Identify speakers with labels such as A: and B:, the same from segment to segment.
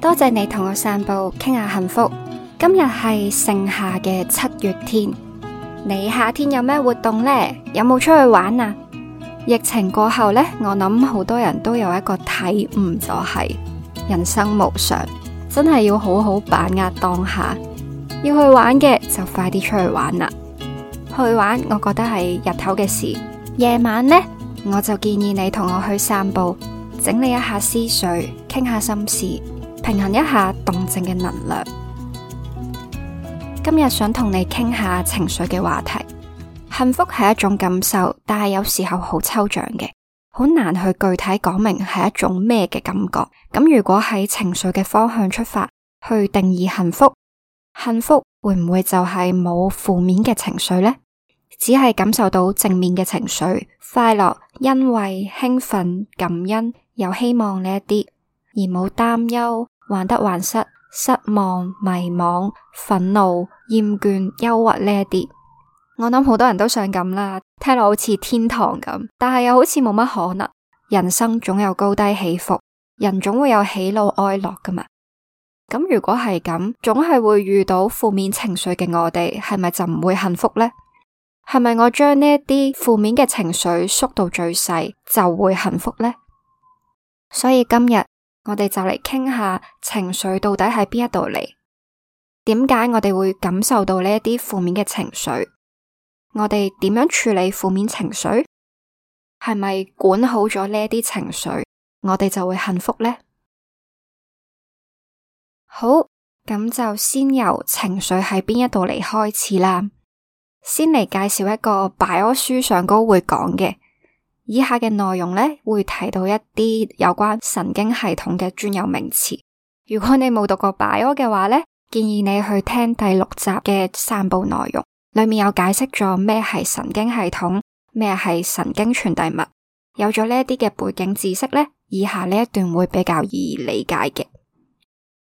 A: 多謝你同我散步，傾下幸福。今日係盛夏嘅七月天，你夏天有咩活動呢？有冇出去玩啊？疫情過後呢，我諗好多人都有一個體悟，就是，就係人生無常，真係要好好把握當下。要去玩嘅就快啲出去玩啦！去玩，我覺得係日頭嘅事。夜晚呢，我就建議你同我去散步。整理一下思緒，傾下心事，平衡一下動靜嘅能量。今日想同你傾下情緒嘅話題。幸福係一種感受，但係有時候好抽象嘅，好難去具體講明係一種咩嘅感覺。咁如果喺情緒嘅方向出發去定義幸福，幸福會唔會就係冇負面嘅情緒呢？只係感受到正面嘅情緒，快樂、欣慰、興奮、感恩。有希望呢一啲，而冇擔憂、患得患失、失望、迷茫、憤怒、厭倦、憂鬱呢一啲，我諗好多人都想咁啦，聽落好似天堂咁，但係又好似冇乜可能。人生總有高低起伏，人總會有喜怒哀樂噶嘛。咁如果係咁，總係會遇到負面情緒嘅我哋，係咪就唔會幸福呢？係咪我將呢一啲負面嘅情緒縮到最細，就會幸福呢？所以今日我哋就嚟傾下情緒到底喺邊一度嚟？點解我哋會感受到呢一啲負面嘅情緒？我哋點樣處理負面情緒？係咪管好咗呢一啲情緒，我哋就會幸福咧？好，咁就先由情緒喺邊一度嚟開始啦。先嚟介紹一個百科書上高會講嘅。以下嘅內容呢，會提到一啲有關神經系統嘅專有名詞。如果你冇讀過 Bio 嘅話呢，建議你去聽第六集嘅散步內容，裏面有解釋咗咩係神經系統，咩係神經傳遞物。有咗呢一啲嘅背景知識呢，以下呢一段會比較易理解嘅。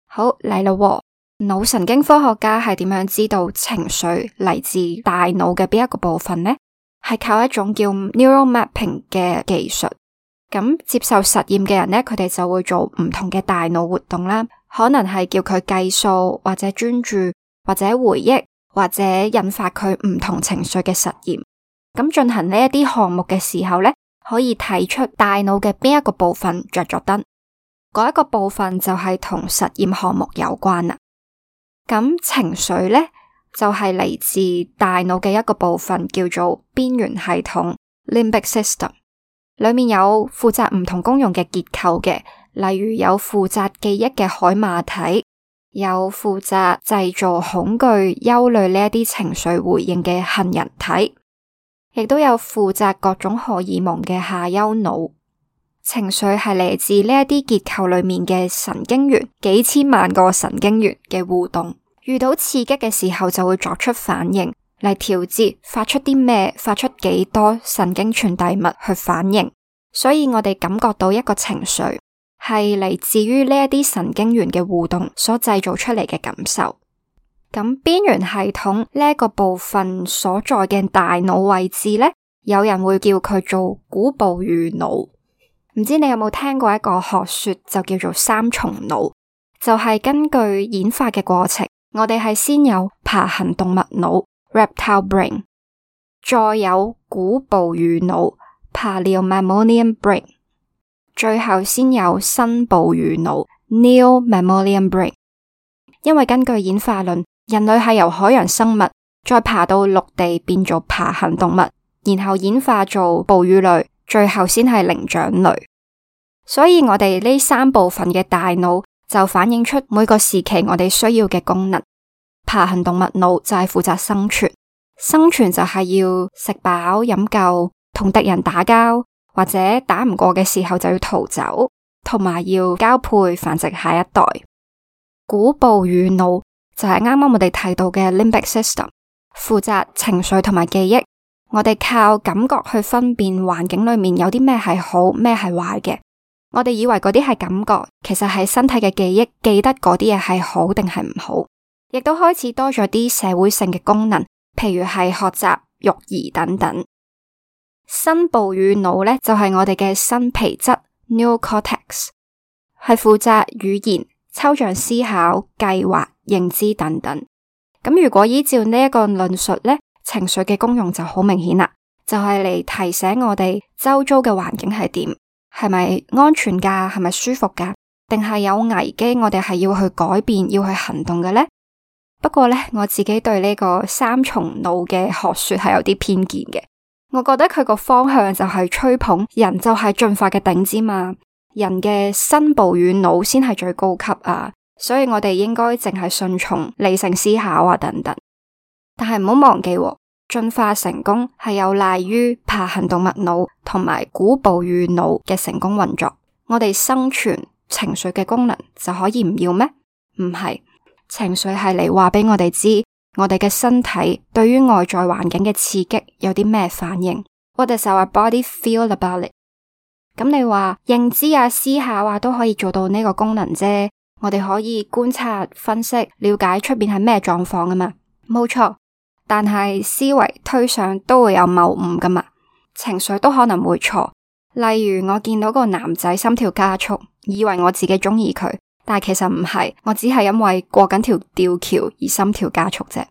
A: 好，嚟啦喎，腦神經科學家係點樣知道情緒嚟自大腦嘅邊一個部分呢？係靠一種叫 neural mapping 嘅技術，咁接受實驗嘅人咧，佢哋就會做唔同嘅大腦活動啦，可能係叫佢計數，或者專注，或者回憶，或者引發佢唔同情緒嘅實驗。咁進行呢一啲項目嘅時候咧，可以睇出大腦嘅邊一個部分着咗燈，嗰一個部分就係同實驗項目有關啦。咁情緒咧？就係嚟自大腦嘅一個部分，叫做邊緣系統 （limbic system），裏面有負責唔同功用嘅結構嘅，例如有負責記憶嘅海馬體，有負責製造恐懼、憂慮呢一啲情緒回應嘅杏仁體，亦都有負責各種荷爾蒙嘅下丘腦。情緒係嚟自呢一啲結構裏面嘅神經元，幾千萬個神經元嘅互動。遇到刺激嘅時候就會作出反應嚟調節，發出啲咩，發出幾多神經傳遞物去反應。所以我哋感覺到一個情緒係嚟自於呢一啲神經元嘅互動所製造出嚟嘅感受。咁邊緣系統呢一個部分所在嘅大腦位置呢，有人會叫佢做古哺乳腦。唔知你有冇聽過一個學說就叫做三重腦，就係根據演化嘅過程。我哋係先有爬行動物腦 （reptile brain），再有古哺乳腦 （Paleo mammalian brain），最後先有新哺乳腦 （Neo mammalian brain）。因為根據演化論，人類係由海洋生物再爬到陸地變做爬行動物，然後演化做哺乳類，最後先係靈長類。所以我哋呢三部分嘅大腦。就反映出每個時期我哋需要嘅功能。爬行動物腦就係負責生存，生存就係要食飽飲夠，同敵人打交，或者打唔過嘅時候就要逃走，同埋要交配繁殖下一代。古哺乳腦就係啱啱我哋提到嘅 limbic system，負責情緒同埋記憶。我哋靠感覺去分辨環境裏面有啲咩係好，咩係壞嘅。我哋以為嗰啲係感覺，其實係身體嘅記憶，記得嗰啲嘢係好定係唔好，亦都開始多咗啲社會性嘅功能，譬如係學習、育兒等等。新哺乳腦咧就係，我哋嘅新皮質 neocortex 係負責語言、抽象思考、計劃、計劃、認知等等。咁如果依照呢一個論述咧，情緒嘅功用就好明顯啦，就係嚟提醒我哋周遭嘅環境係點。係咪安全噶？係咪舒服噶？定係有危機？我哋係要去改變，要去行動嘅咧。不過咧，我自己對呢個三重腦嘅學說係有啲偏見嘅。我覺得佢個方向就係吹捧人就係進化嘅頂尖嘛，啊，人嘅新哺乳腦先係最高級啊，所以我哋應該淨係順從理性思考啊等等。但係唔好忘記喎，啊。進化成功係有賴於爬行動物腦同埋古哺乳腦嘅成功運作。我哋生存情緒嘅功能就可以唔要咩？唔係，情緒係嚟話畀我哋知，我哋嘅身體對於外在環境嘅刺激有啲咩反應？What does our body feel about it？咁你話認知啊、思考啊都可以做到呢個功能啫。我哋可以觀察、分析、了解出邊係咩狀況㗎嘛。冇錯。但係思維推想都會有謬誤噶嘛，情緒都可能會錯。例如我見到個男仔心跳加速，以為我自己中意佢，但係其實唔係，我只係因為過緊條吊橋而心跳加速啫。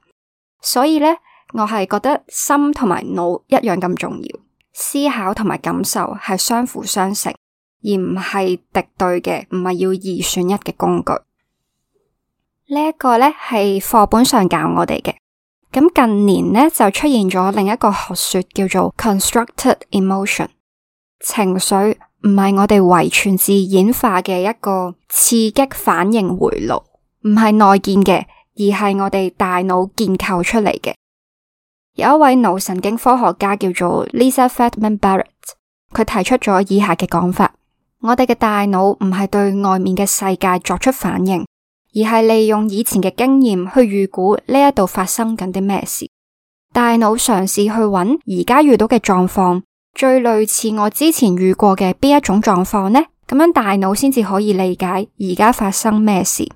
A: 所以呢，我係覺得心同埋腦一樣咁重要，思考同埋感受係相輔相成，而唔係敵對嘅，唔係要二選一嘅工具。這個、呢一個呢係課本上教我哋嘅。咁近年呢，就出現咗另一個學說，叫做 constructed emotion 情緒，唔係我哋遺傳自演化嘅一個刺激反應回路，唔係內建嘅，而係我哋大腦建構出嚟嘅。有一位腦神經科學家叫做 Lisa Feldman Barrett，佢提出咗以下嘅講法：我哋嘅大腦唔係對外面嘅世界作出反應。而係利用以前嘅經驗去預估呢一度發生緊啲咩事，大腦嘗試去揾而家遇到嘅狀況最類似我之前遇過嘅邊一種狀況呢？咁樣大腦先至可以理解而家發生咩事，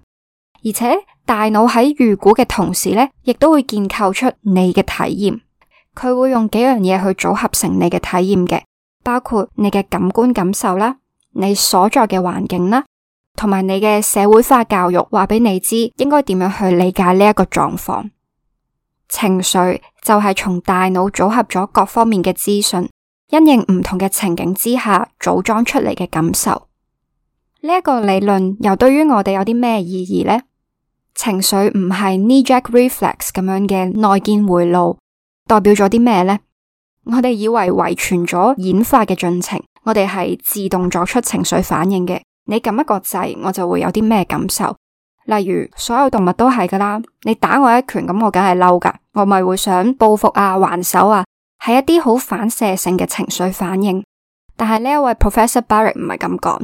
A: 而且大腦喺預估嘅同時呢，亦都會建構出你嘅體驗，佢會用幾樣嘢去組合成你嘅體驗嘅，包括你嘅感官感受啦，你所在嘅環境啦。同埋你嘅社會化教育，話俾你知應該點樣去理解呢一個狀況。情緒就係從大腦組合咗各方面嘅資訊，因應唔同嘅情景之下，組裝出嚟嘅感受。呢一個理論又對於我哋有啲咩意義呢？情緒唔係 knee-jerk reflex 咁樣嘅內建迴路，代表咗啲咩呢？我哋以為遺傳咗演化嘅進程，我哋係自動作出情緒反應嘅。你撳一個掣，我就會有啲咩感受？例如，所有動物都係噶啦，你打我一拳，咁我梗係嬲噶，我咪會想報復啊、還手啊，係一啲好反射性嘅情緒反應。但係呢一位 Professor Barrett 唔係咁講，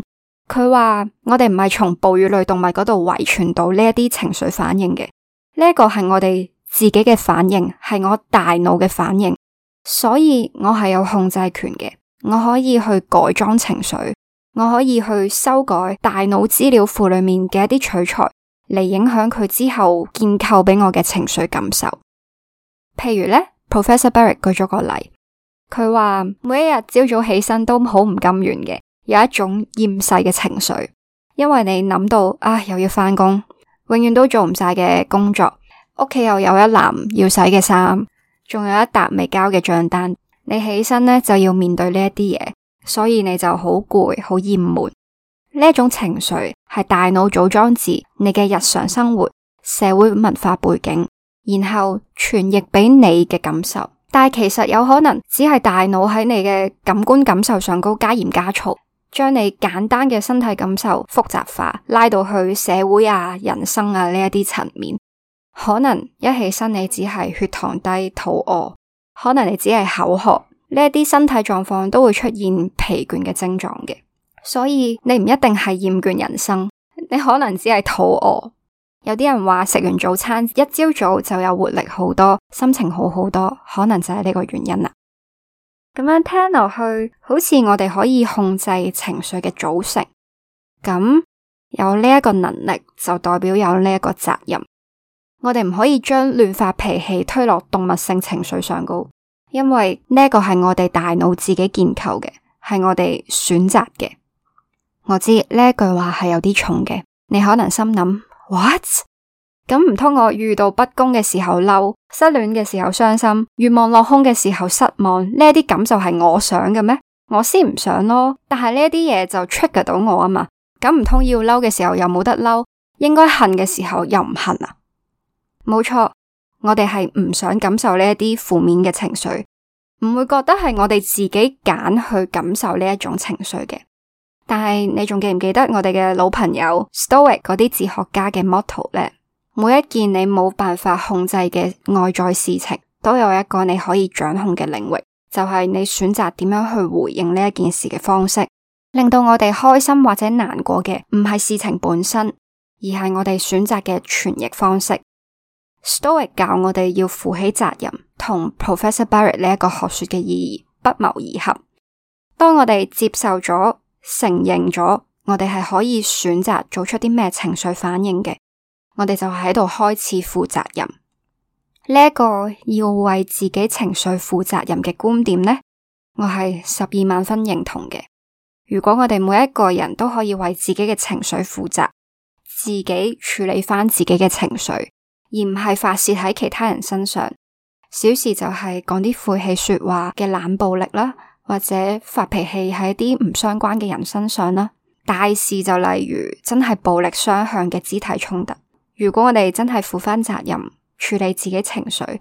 A: 佢話我哋唔係從哺乳類動物嗰度遺傳到呢一啲情緒反應嘅，呢一個係我哋自己嘅反應，係我大腦嘅反應，所以我係有控制權嘅，我可以去改裝情緒。我可以去修改大腦資料庫裏面嘅一啲取材，嚟影響佢之後建構俾我嘅情緒感受。譬如呢，Professor Barrett 舉咗個例，佢話每一日朝早起身都好唔甘願嘅，有一種厭世嘅情緒，因為你諗到啊，又要翻工，永遠都做唔晒嘅工作，屋企又有一籃要洗嘅衫，仲有一沓未交嘅賬單，你起身呢就要面對呢一啲嘢。所以你就好攰、好厭悶，呢一種情緒係大腦組裝自你嘅日常生活、社會文化背景，然後傳譯俾你嘅感受。但係其實有可能只係大腦喺你嘅感官感受上高加鹽加醋，將你簡單嘅身體感受複雜化，拉到去社會啊、人生啊呢一啲層面。可能一起身你只係血糖低、肚餓，可能你只係口渴。呢一啲身體狀況都會出現疲倦嘅症狀嘅，所以你唔一定係厭倦人生，你可能只係肚餓。有啲人話食完早餐一朝早就有活力好多，心情好好多，可能就係呢個原因啦。咁樣聽落去，好似我哋可以控制情緒嘅組成，咁有呢一個能力就代表有呢一個責任。我哋唔可以將亂發脾氣推落動物性情緒上高。因為呢個係我哋大腦自己建構嘅，係我哋選擇嘅。我知呢句話係有啲重嘅，你可能心諗 what？咁唔通，我遇到不公嘅時候嬲，失戀嘅時候傷心，願望落空嘅時候失望，呢啲感受就係我想嘅咩？我先唔想咯。但係呢啲嘢就 trigger 到我啊嘛。咁唔通要嬲嘅時候又冇得嬲，應該恨嘅時候又唔恨啊？冇錯。我哋係唔想感受呢一啲負面嘅情緒，唔會覺得係我哋自己揀去感受呢一種情緒嘅。但係你仲記唔記得我哋嘅老朋友 Stoic 嗰啲哲學家嘅 model 呢？每一件你冇辦法控制嘅外在事情，都有一個你可以掌控嘅領域，就係你選擇點樣去回應呢一件事嘅方式，令到我哋開心或者難過嘅，唔係事情本身，而係我哋選擇嘅詮釋方式。Stoic 教我哋要負起責任，同 Professor Barrett 呢一個學說嘅意義不謀而合。當我哋接受咗、承認咗，我哋係可以選擇做出啲咩情緒反應嘅，我哋就喺度開始負責任。呢一個要為自己情緒負責任嘅觀點呢，我係十二萬分認同嘅。如果我哋每一個人都可以為自己嘅情緒負責，自己處理翻自己嘅情緒。而唔係發洩喺其他人身上，小事就係講啲晦氣說話嘅冷暴力啦，或者發脾氣喺啲唔相關嘅人身上啦。大事就例如真係暴力相向嘅肢體衝突。如果我哋真係負翻責任，處理自己情緒，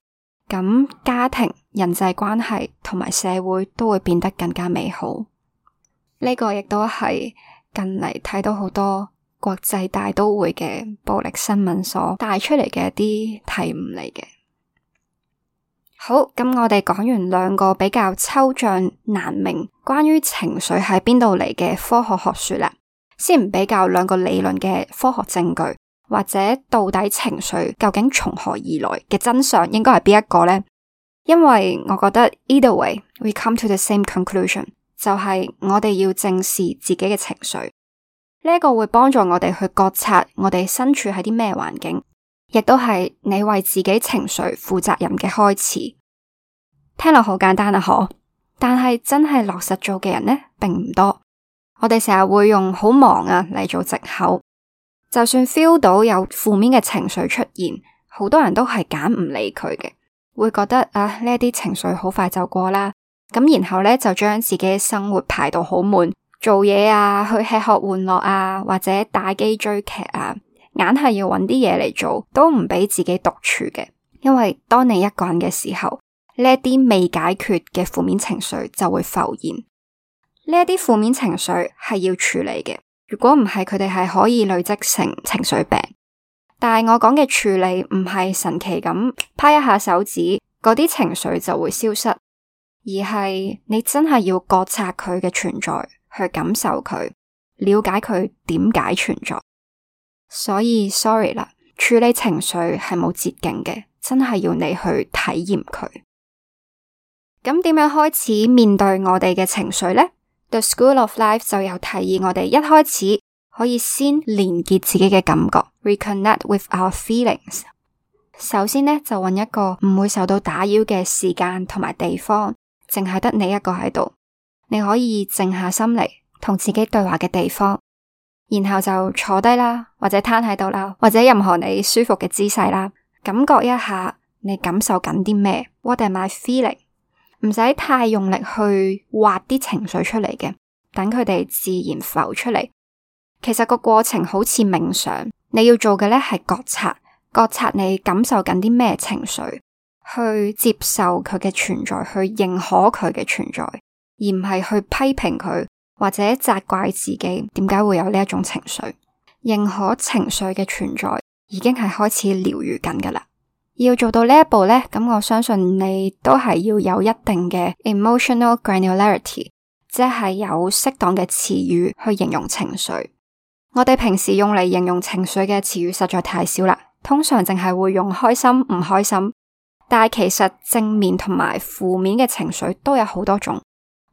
A: 咁家庭、人際關係同埋社會都會變得更加美好。呢、這個亦都係近嚟睇到好多國際大都會嘅暴力新聞所帶出嚟嘅一啲題目嚟嘅。好，咁我哋講完兩個比較抽象難明關於情緒喺邊度嚟嘅科學學說啦，先唔比較兩個理論嘅科學證據，或者到底情緒究竟從何而來嘅真相應該係邊一個呢？因為我覺得 either way, we come to the same conclusion，就係我哋要正視自己嘅情緒。呢個會幫助我哋去覺察我哋身處喺啲咩環境，亦都係你為自己情緒負責任嘅開始。聽落好簡單啊，嗬，但係真係落實做嘅人呢，並唔多。我哋成日會用好忙啊嚟做借口，就算 feel 到有負面嘅情緒出現，好多人都係揀唔理佢嘅，會覺得啊，呢啲情緒好快就過啦。咁然後呢，就將自己嘅生活排到好滿。做嘢啊，去吃喝玩樂啊，或者打機追劇啊，硬係要揾啲嘢嚟做，都唔俾自己獨處嘅。因為當你一個人嘅時候，呢一啲未解決嘅負面情緒就會浮現。呢一啲負面情緒係要處理嘅。如果唔係，佢哋係可以累積成情緒病。但係我講嘅處理唔係神奇咁拍一下手指，嗰啲情緒就會消失，而係你真係要覺察佢嘅存在。去感受佢，了解佢點解存在，所以 sorry 啦。處理情緒係冇捷徑嘅，真係要你去體驗佢。咁點樣開始面對我哋嘅情緒呢？The School of Life 就有提議，我哋一開始可以先連結自己嘅感覺，reconnect with our feelings。首先呢，就揾一個唔會受到打擾嘅時間同埋地方，淨係得你一個喺度。你可以靜下心嚟同自己對話嘅地方，然後就坐低啦，或者攤喺度啦，或者任何你舒服嘅姿勢啦，感覺一下你感受緊啲咩？What am I feeling？唔使太用力去挖啲情緒出嚟嘅，等佢哋自然浮出嚟。其實個過程好似冥想，你要做嘅咧係覺察，覺察你感受緊啲咩情緒，去接受佢嘅存在，去認可佢嘅存在。而唔係去批評佢或者責怪自己，點解會有呢一種情緒？認可情緒嘅存在，已經係開始療癒緊噶啦。要做到呢一步呢，咁我相信你都係要有一定嘅 emotional granularity，即係有適當嘅詞語去形容情緒。我哋平時用嚟形容情緒嘅詞語實在太少啦，通常淨係會用開心、唔開心，但係其實正面同埋負面嘅情緒都有好多種。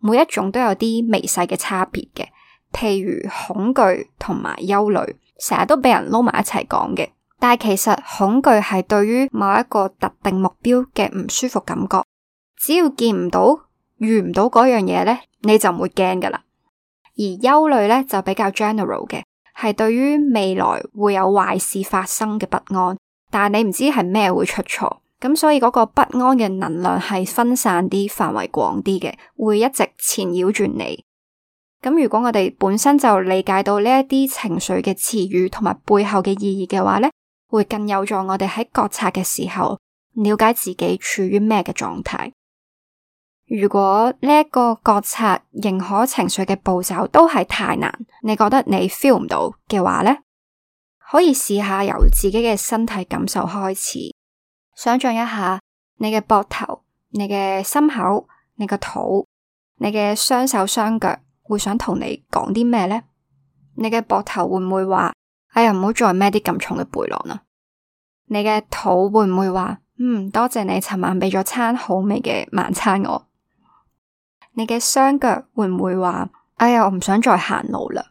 A: 每一種都有啲微細嘅差別嘅，譬如恐懼同埋憂慮，成日都俾人撈埋一齊講嘅。但係其實恐懼係對於某一個特定目標嘅唔舒服感覺，只要見唔到遇唔到嗰樣嘢，呢你就唔會驚噶啦。而憂慮呢，就比較 general 嘅，係對於未來會有壞事發生嘅不安，但係你唔知係咩會出錯。咁所以嗰個不安嘅能量係分散啲、範圍廣啲嘅，會一直纏繞住你。咁如果我哋本身就理解到呢一啲情緒嘅詞語同埋背後嘅意義嘅話咧，會更有助我哋喺覺察嘅時候了解自己處於咩嘅狀態。如果呢一個覺察認可情緒嘅步驟都係太難，你覺得你 feel 唔到嘅話咧，可以試下由自己嘅身體感受開始。想象一下，你嘅膊頭、你嘅心口、你個肚、你嘅雙手雙腳，會想同你講啲咩咧？你嘅膊頭會唔會話：哎呀，唔好再孭啲咁重嘅背囊啦！你嘅肚會唔會話：嗯，多謝你尋晚俾咗餐好味嘅晚餐我。你嘅雙腳會唔會話：哎呀，我唔想再行路啦！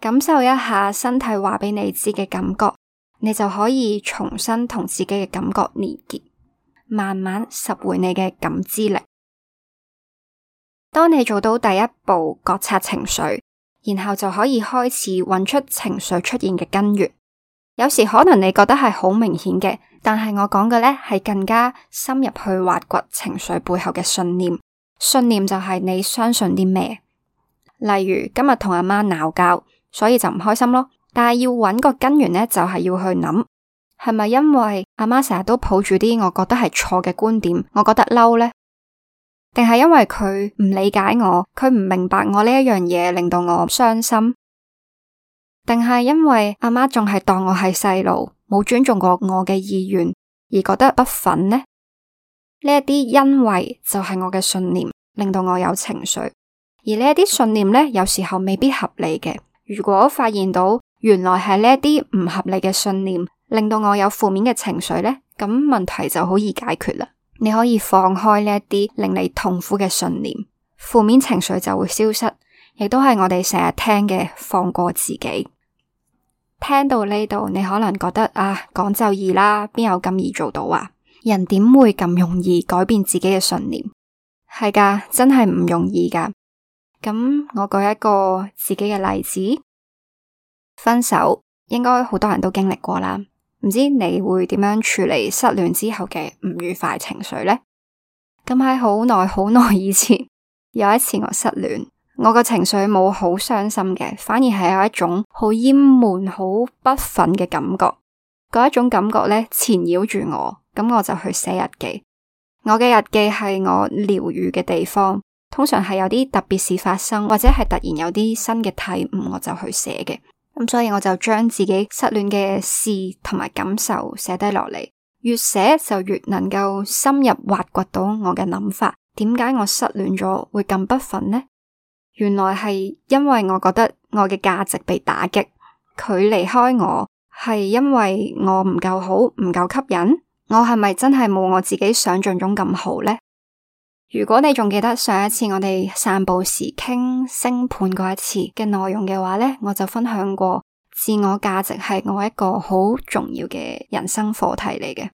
A: 感受一下身體話俾你知嘅感覺。你就可以重新同自己嘅感覺連結，慢慢拾回你嘅感知力。當你做到第一步，覺察情緒，然後就可以開始揾出情緒出現嘅根源。有時可能你覺得係好明顯嘅，但係我講嘅呢係更加深入去挖掘情緒背後嘅信念。信念就係你相信啲咩？例如今日同阿媽鬧交，所以就唔開心咯。但係要揾個根源呢，就係要去諗，係咪因為阿媽成日都抱住啲我覺得係錯嘅觀點，我覺得嬲呢？定係因為佢唔理解我，佢唔明白我呢一樣嘢，令到我傷心？定係因為阿媽仲係當我係細路，冇尊重過我嘅意願，而覺得不忿呢？呢一啲因為就係我嘅信念，令到我有情緒，而呢一啲信念呢，有時候未必合理嘅。如果發現到，原來係呢一啲唔合理嘅信念，令到我有負面嘅情緒咧，咁問題就好易解決啦。你可以放開呢一啲令你痛苦嘅信念，負面情緒就會消失，亦都係我哋成日聽嘅放過自己。聽到呢度，你可能覺得啊，講就易啦，邊有咁易做到啊？人點會咁容易改變自己嘅信念？係噶，真係唔容易噶。咁我舉一個自己嘅例子。分手應該好多人都經歷過啦，唔知你會點樣處理失戀之後嘅唔愉快情緒呢？咁喺好耐好耐以前，有一次我失戀，我嘅情緒冇好傷心嘅，反而係有一種好厭悶、好不忿嘅感覺。嗰一種感覺呢，纏繞住我，咁我就去寫日記。我嘅日記係我療癒嘅地方，通常係有啲特別事發生，或者係突然有啲新嘅體悟，我就去寫嘅。咁所以我就將自己失戀嘅事同埋感受寫低落嚟，越寫就越能夠深入挖掘到我嘅諗法。點解我失戀咗會咁不忿呢？原來係因為我覺得我嘅價值被打擊，佢離開我係因為我唔夠好，唔夠吸引。我係咪真係冇我自己想象中咁好呢？如果你仲記得上一次我哋散步時傾星盤嗰一次嘅內容嘅話咧，我就分享過自我價值係我一個好重要嘅人生課題嚟嘅。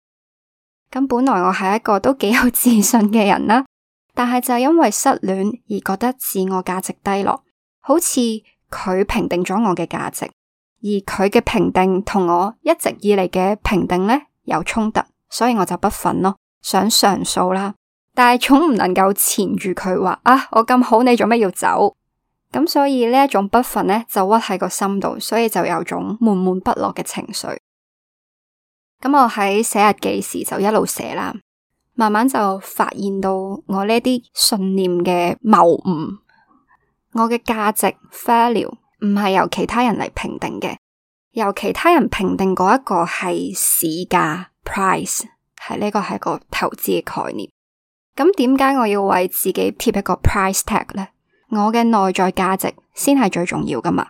A: 咁本來我係一個都幾有自信嘅人啦，但係就是因為失戀而覺得自我價值低落，好似佢評定咗我嘅價值，而佢嘅評定同我一直以嚟嘅評定咧有衝突，所以我就不忿咯，想上訴啦。但係總唔能夠纏住佢話啊，我咁好，你做咩要走？咁所以呢一種不忿呢，就屈喺個心度，所以就有種悶悶不樂嘅情緒。咁我喺寫日記時就一路寫啦，慢慢就發現到我呢啲信念嘅謬誤，我嘅價值 f a i l u e 唔係由其他人嚟評定嘅，由其他人評定嗰一個係市價 price，係呢個係個投資嘅概念。咁點解我要為自己貼一個 price tag 呢？我嘅內在價值先係最重要噶嘛？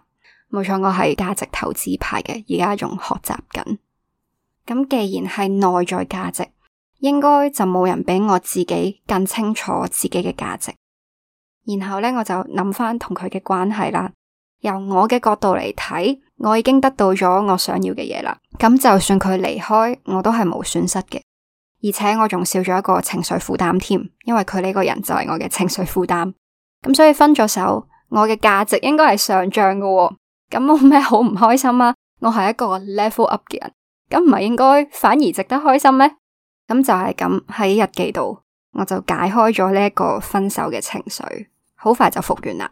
A: 冇錯，我係價值投資派嘅，而家仲學習緊。咁既然係內在價值，應該就冇人比我自己更清楚自己嘅價值。然後咧，我就諗翻同佢嘅關係啦。由我嘅角度嚟睇，我已經得到咗我想要嘅嘢啦。咁就算佢離開，我都係冇損失嘅。而且我仲少咗一個情緒負擔添，因為佢呢個人就係我嘅情緒負擔，咁所以分咗手，我嘅價值應該係上漲嘅。哦，咁我冇咩好唔開心啊！我係一個 level up 嘅人，咁唔係應該反而值得開心咩？咁就係咁喺日記度，我就解開咗呢一個分手嘅情緒，好快就復原啦。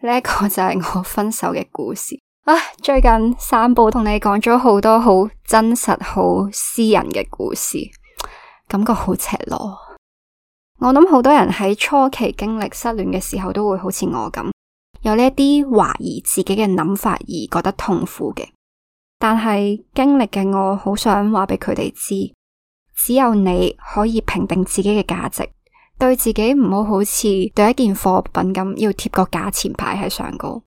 A: 呢一個就係我分手嘅故事。啊！最近散步同你講咗好多好真實、好私人嘅故事，感覺好赤裸。我諗好多人喺初期經歷失戀嘅時候，都會好似我咁有呢一啲懷疑自己嘅諗法而覺得痛苦嘅。但係經歷嘅我，好想話俾佢哋知，只有你可以評定自己嘅價值，對自己唔好好似對一件貨品咁要貼個價錢牌喺上高，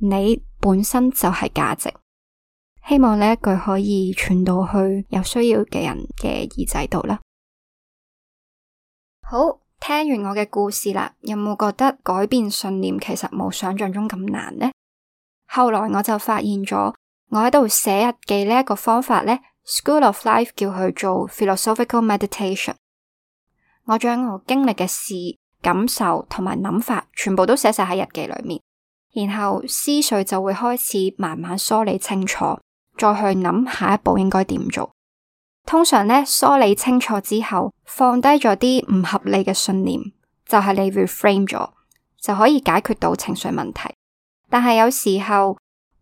A: 你本身就係價值，希望呢句可以傳到去有需要嘅人嘅耳仔度啦。好，聽完我嘅故事啦，有冇覺得改變信念其實冇想象中咁難呢？後來我就發現咗，我喺度寫日記呢一個方法呢，School of Life 叫佢做 philosophical meditation。我將我經歷嘅事、感受同埋諗法，全部都寫晒喺日記裏面。然後思緒就會開始慢慢梳理清楚，再去諗下一步應該點做。通常咧，梳理清楚之後，放低咗啲唔合理嘅信念，就係你 reframe 咗，就可以解決到情緒問題。但係有時候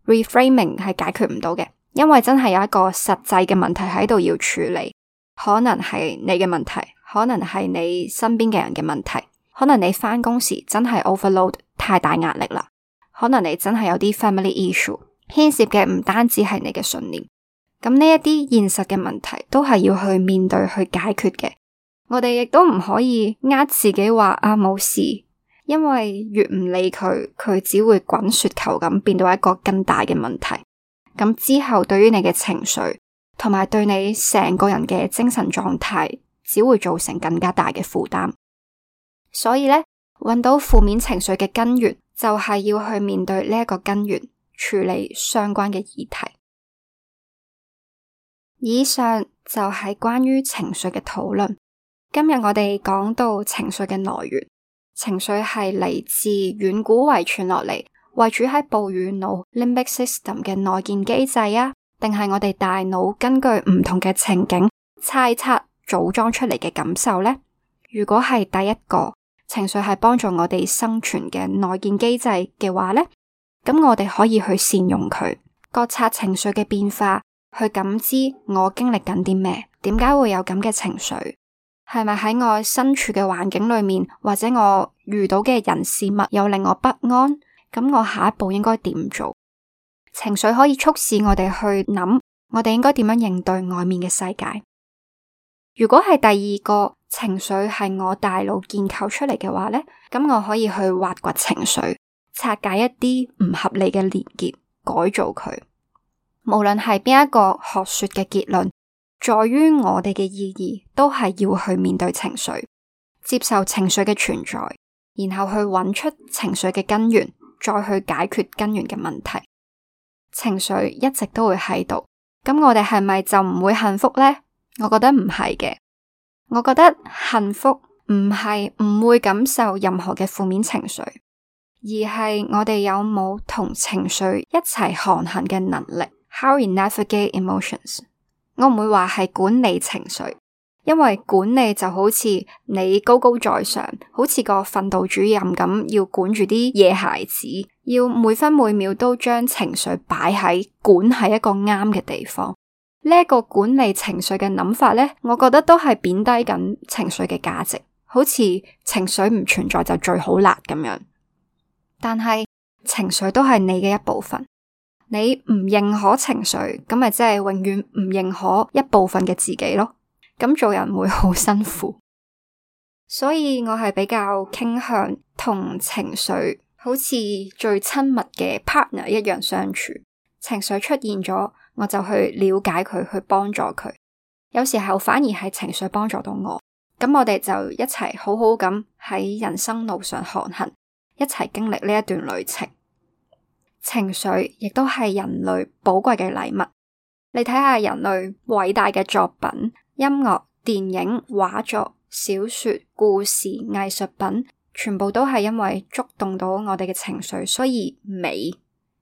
A: reframing 係解決唔到嘅，因為真係有一個實際嘅問題喺度要處理，可能係你嘅問題，可能係你身邊嘅人嘅問題，可能你返工時真係 overload 太大壓力啦。可能你真係有啲 family issue 牽涉嘅唔單止係你嘅信念，咁呢一啲現實嘅問題都係要去面對去解決嘅。我哋亦都唔可以呃自己話啊冇事，因為越唔理佢，佢只會滾雪球咁變到一個更大嘅問題。咁之後對於你嘅情緒同埋對你成個人嘅精神狀態，只會造成更加大嘅負擔。所以呢，揾到負面情緒嘅根源，就係要去面對呢一個根源，處理相關嘅議題。以上就係關於情緒嘅討論。今日我哋講到情緒嘅來源，情緒係嚟自遠古遺傳落嚟，為主喺哺乳腦 limbic system 嘅內建機制啊，定係我哋大腦根據唔同嘅情景猜測組裝出嚟嘅感受呢？如果係第一個。情緒係幫助我哋生存嘅內建機制嘅話呢，咁我哋可以去善用佢，覺察情緒嘅變化，去感知我經歷緊啲咩，點解會有咁嘅情緒，係咪喺我身處嘅環境裏面，或者我遇到嘅人事物有令我不安？咁我下一步應該點做？情緒可以促使我哋去諗，我哋應該點樣應對外面嘅世界？如果係第二個。情緒係我大腦建構出嚟嘅話呢，咁我可以去挖掘情緒，拆解一啲唔合理嘅連結，改造佢。無論係邊一個學說嘅結論，在於我哋嘅意義都係要去面對情緒，接受情緒嘅存在，然後去揾出情緒嘅根源，再去解決根源嘅問題。情緒一直都會喺度，咁我哋係咪就唔會幸福呢？我覺得唔係嘅。我覺得幸福唔係唔會感受任何嘅負面情緒，而係我哋有冇同情緒一齊航行嘅能力。How to navigate emotions？我唔會話係管理情緒，因為管理就好似你高高在上，好似個訓導主任咁，要管住啲野孩子，要每分每秒都將情緒擺喺管喺一個啱嘅地方。呢個管理情緒嘅諗法呢，我覺得都係貶低緊情緒嘅價值，好似情緒唔存在就最好喇咁樣。但係情緒都係你嘅一部分，你唔認可情緒，咁咪即係永遠唔認可一部分嘅自己咯。咁做人會好辛苦，所以我係比較傾向同情緒好似最親密嘅 partner 一樣相處。情緒出現咗。我就去了解佢，去幫助佢。有時候反而係情緒幫助到我。咁我哋就一齊好好咁喺人生路上航行，一齊經歷呢一段旅程。情緒亦都係人類寶貴嘅禮物。你睇下人類偉大嘅作品，音樂、電影、畫作、小說、故事、藝術品，全部都係因為觸動到我哋嘅情緒，所以美。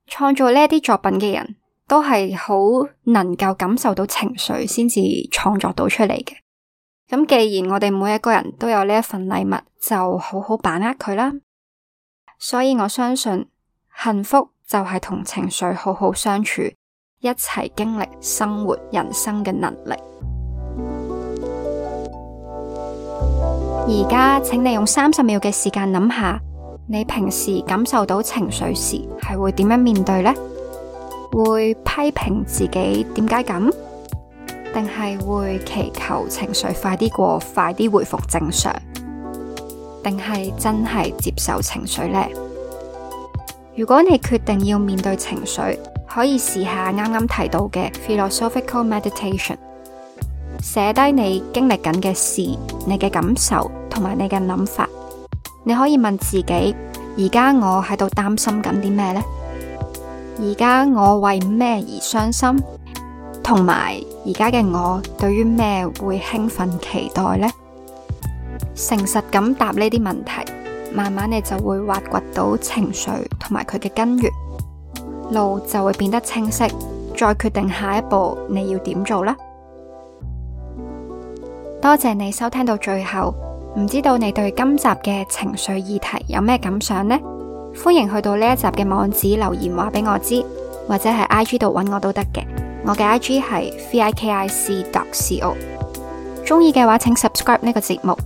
A: 創造呢一啲作品嘅人都係好能夠感受到情緒，先至創作到出嚟嘅。咁既然我哋每一個人都有呢一份禮物，就好好把握佢啦。所以我相信幸福就係同情緒好好相處，一齊經歷生活人生嘅能力。而家，請你用三十秒嘅時間諗下，你平時感受到情緒時係會點樣面對呢？會批評自己點解咁，定係會祈求情緒快啲過，快啲回復正常，定係真係接受情緒呢？如果你決定要面對情緒，可以試下啱啱提到嘅 Philosophical Meditation，寫低你經歷緊嘅事，你嘅感受同埋你嘅諗法。你可以問自己：而家我喺度擔心緊啲咩呢？」而家我為咩而傷心？同埋而家嘅我對於咩會興奮期待呢？誠實咁答呢啲問題，慢慢你就會挖掘到情緒同埋佢嘅根源，路就會變得清晰，再決定下一步你要點做啦。多謝你收聽到最後，唔知道你對今集嘅情緒議題有咩感想呢？歡迎去到呢一集嘅網址留言話俾我知，或者喺 I G 度揾我都得嘅。我嘅 I G 係 vikic.co。中意嘅話，請 subscribe 呢個節目，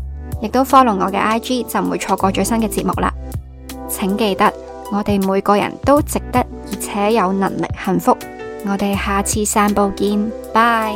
A: 亦都 follow 我嘅 I G 就唔會錯過最新嘅節目啦。請記得，我哋每個人都值得而且有能力幸福。我哋下次散步見，拜。